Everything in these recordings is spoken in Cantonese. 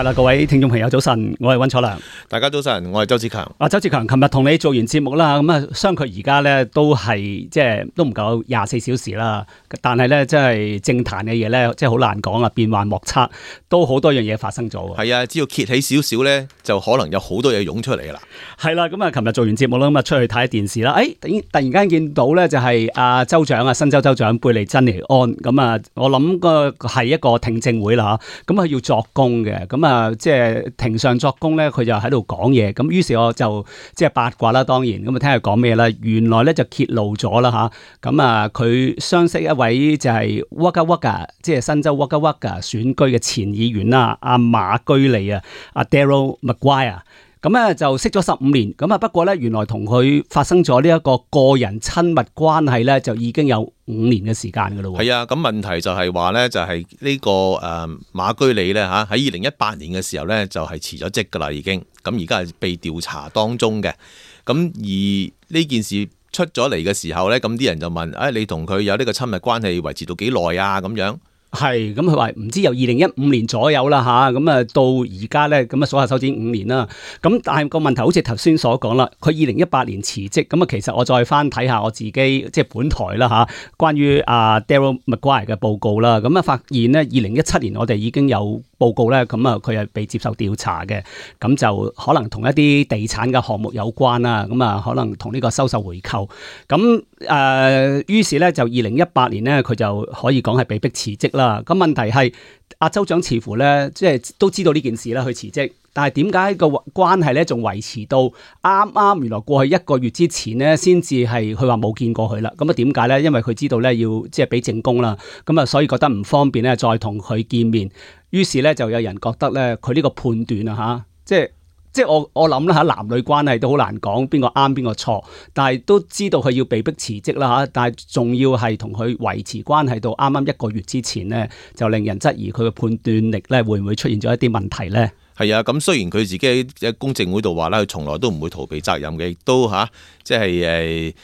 係啦，各位聽眾朋友早晨，我係溫楚良。大家早晨，我係周志強。啊，周志強，琴日同你做完節目啦，咁啊，相距而家咧都係即係都唔夠廿四小時啦。但係咧，即係政壇嘅嘢咧，即係好難講啊，變幻莫測，都好多樣嘢發生咗。係啊，只要揭起少少咧，就可能有好多嘢湧出嚟㗎啦。係啦，咁啊，琴日做完節目啦，咁啊，出去睇下電視啦。誒、哎，突然間見到咧、啊，就係阿州長啊，新州州長貝莉珍妮安。咁啊，我諗個係一個聽證會啦，咁啊要作供嘅，咁啊。啊、呃，即係庭上作供咧，佢就喺度講嘢，咁於是我就即係八卦啦，當然咁啊，聽佢講咩啦，原來咧就揭露咗啦吓，咁啊佢相識一位就係 Wagga Wagga，er, 即係新州 Wagga Wagga 選舉嘅前議員啦，阿、啊、馬居利啊，阿 Daryl Maguire。咁咧就識咗十五年，咁啊不過咧原來同佢發生咗呢一個個人親密關係咧就已經有五年嘅時間噶咯喎。係啊，咁問題就係話咧就係、是、呢、這個誒、呃、馬居利咧吓喺二零一八年嘅時候咧就係辭咗職噶啦已經，咁而家係被調查當中嘅，咁而呢件事出咗嚟嘅時候咧，咁啲人就問誒、哎、你同佢有呢個親密關係維持到幾耐啊咁樣？係咁，佢話唔知由二零一五年左右啦吓，咁啊、嗯、到而家咧，咁啊數下手指五年啦。咁、嗯、但係個問題好，好似頭先所講啦，佢二零一八年辭職。咁啊，其實我再翻睇下我自己即係本台啦吓、啊，關於啊 Daryl Maguire 嘅報告啦。咁啊、嗯，發現呢，二零一七年我哋已經有報告咧，咁啊佢係被接受調查嘅。咁、嗯、就可能同一啲地產嘅項目有關啦。咁、嗯、啊，可能同呢個收受回扣。咁、嗯、誒，於、呃、是咧就二零一八年咧，佢就可以講係被逼辭職。啦，咁問題係阿州長似乎咧，即係都知道呢件事啦，去辭職。但係點解個關係咧，仲維持到啱啱？原來過去一個月之前咧，先至係佢話冇見過佢啦。咁啊，點解咧？因為佢知道咧要即係俾政工啦，咁啊，所以覺得唔方便咧，再同佢見面。於是咧，就有人覺得咧，佢呢個判斷啊，吓，即係。即係我我諗咧吓，男女關係都好難講邊個啱邊個錯，但係都知道佢要被逼辭職啦吓，但係仲要係同佢維持關係到啱啱一個月之前咧，就令人質疑佢嘅判斷力咧會唔會出現咗一啲問題咧？係啊，咁雖然佢自己喺公證會度話啦，佢從來都唔會逃避責任嘅，亦都吓即係誒，佢、啊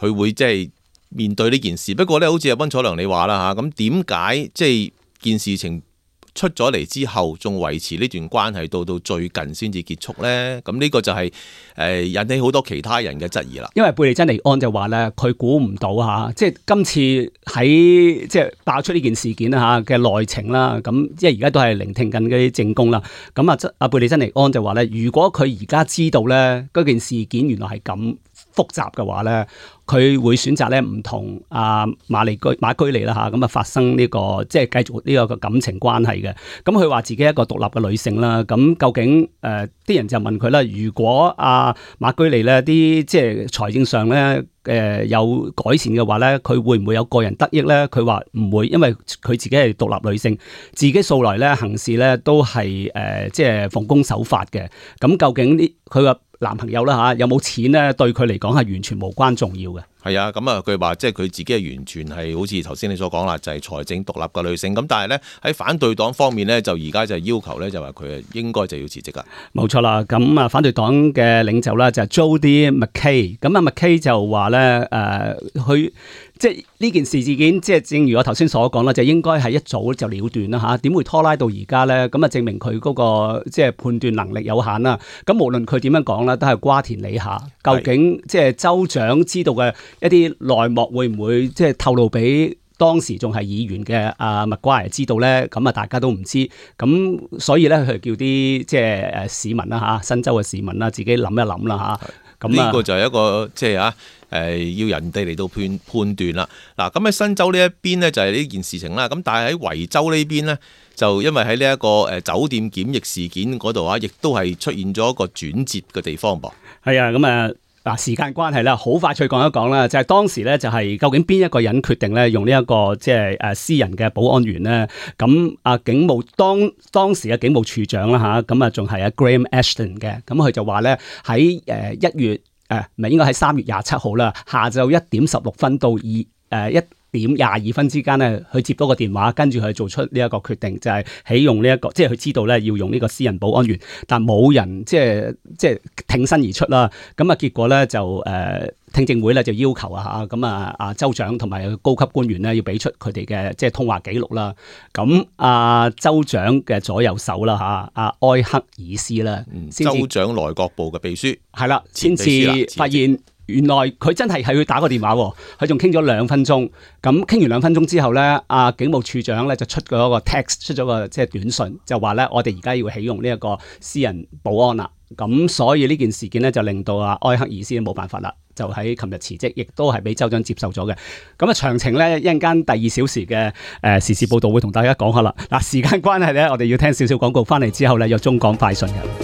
即係啊、會即係、即係、面對呢件事。不過咧，好似阿溫楚良你話啦吓，咁點解即係件事情？出咗嚟之後，仲維持呢段關係到到最近先至結束咧。咁呢個就係、是、誒、呃、引起好多其他人嘅質疑啦。因為貝莉珍妮安就話咧，佢估唔到嚇、啊，即係今次喺即係爆出呢件事件啦嘅、啊、內情啦。咁即係而家都係聆聽緊嗰啲證供啦。咁啊，阿貝莉珍妮安就話咧，如果佢而家知道咧嗰件事件原來係咁複雜嘅話咧，佢會選擇咧唔同阿、啊、馬利居馬居利啦嚇咁啊發生呢、這個即係繼續呢個嘅感情關係。咁佢話自己一個獨立嘅女性啦，咁、嗯、究竟誒啲、呃、人就問佢啦，如果阿、啊、馬居利咧啲即係財政上咧誒、呃、有改善嘅話咧，佢會唔會有個人得益咧？佢話唔會，因為佢自己係獨立女性，自己素來咧行事咧都係誒、呃、即係奉公守法嘅。咁、嗯、究竟呢佢個男朋友啦吓，有冇錢咧對佢嚟講係完全無關重要嘅。係啊，咁啊，佢話即係佢自己係完全係好似頭先你所講啦，就係財政獨立嘅女性。咁但係咧，喺反對黨方面咧，就而家就要求咧，就話佢應該就要辭職噶。冇錯啦，咁啊，反對黨嘅領袖啦就 Jodi McKay。咁啊，McKay 就話咧誒，佢即係呢件事事件，即係正如我頭先所講啦，就應該係一早就了斷啦吓，點會拖拉到而家咧？咁啊，證明佢嗰個即係判斷能力有限啦。咁無論佢點樣講啦，都係瓜田李下。究竟即係州長知道嘅？一啲內幕會唔會即係透露俾當時仲係議員嘅阿麥瓜兒知道咧？咁啊，大家都唔知。咁所以咧，佢叫啲即係誒市民啦嚇，新州嘅市民啦，自己諗一諗啦吓，咁呢的、嗯、個就係一個即係嚇誒要人哋嚟到判判斷啦。嗱，咁喺新州呢一邊咧，就係呢件事情啦。咁但係喺維州呢邊咧，就因為喺呢一個誒酒店檢疫事件嗰度啊，亦都係出現咗一個轉折嘅地方噃。係啊，咁、嗯、啊。嗱，時間關係啦，好快脆講一講啦。就係、是、當時咧，就係究竟邊一個人決定咧、這個，用呢一個即係誒、啊、私人嘅保安員咧？咁啊，警務當當時嘅警務處長啦，吓，咁啊仲係阿 Graham Ashton 嘅，咁、啊、佢就話咧喺誒一月誒，唔、啊、係應該喺三月廿七號啦，下晝一點十六分到二誒一。1, 點廿二分之間咧，佢接到個電話，跟住佢做出呢一個決定，就係、是、起用呢、這、一個，即係佢知道咧要用呢個私人保安員，但冇人即係即係挺身而出啦。咁啊，結果咧就誒、呃、聽證會咧就要求啊，咁啊啊州長同埋高級官員咧要俾出佢哋嘅即係通話記錄啦。咁啊州長嘅左右手啦吓，阿、啊、埃克爾斯啦、嗯，州長內閣部嘅秘書係啦，先至發現。原來佢真係係去打個電話喎，佢仲傾咗兩分鐘。咁傾完兩分鐘之後呢，阿警務處長呢就出咗個 text，出咗個即係短信，就話呢我哋而家要起用呢一個私人保安啦。咁所以呢件事件呢，就令到啊埃克爾斯冇辦法啦，就喺琴日辭職，亦都係俾州長接受咗嘅。咁啊詳情呢，一陣間第二小時嘅誒時事報導會同大家講下啦。嗱，時間關係呢，我哋要聽少少廣告，翻嚟之後呢，有中港快訊嘅。